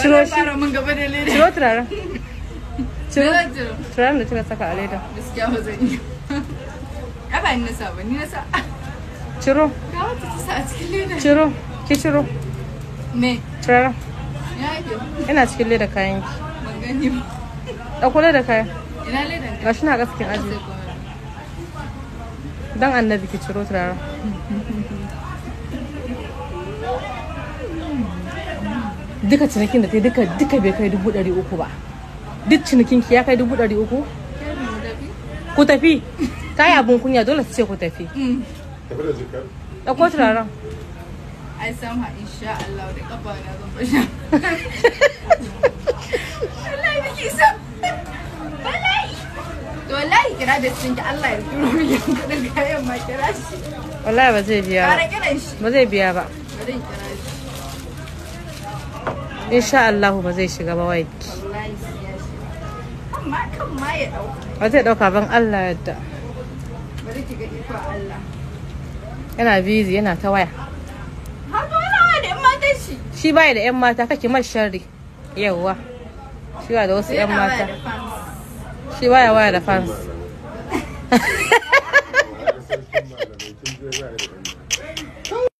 Ciro fara mun leda. turaren. Ciro turaren da kika saka a leda. Gaskiya ba zan yi. Ciro. cikin leda. Ciro. Ki ciro. Me? kayan ki. Ban gani ba. leda kayan. Ina ledan na gaskin aji. Dan annabi ki ciro turaren. duka cinikin da ta yi duka duka bai kai dubu ɗari uku ba duk cinikin ki ya kai dubu ɗari uku ku tafi ta yi abin kunya dole su ce ku tafi mm. da ɗauko turaren ai ha insha Allah da kafa na zan fasha wallahi nake so wallahi to wallahi kira da sun ki? Allah ya turo mi kudin kayan ma kira shi wallahi ba zai biya ba ba zai biya ba ba zai kira insha Allah ba zai shiga ba waiki ba zai dauka ban Allah yadda yana busy yana ta waya shi baya da yan mata kake mai sharri yawwa shi ba da wasu yan mata shi baya waya da fans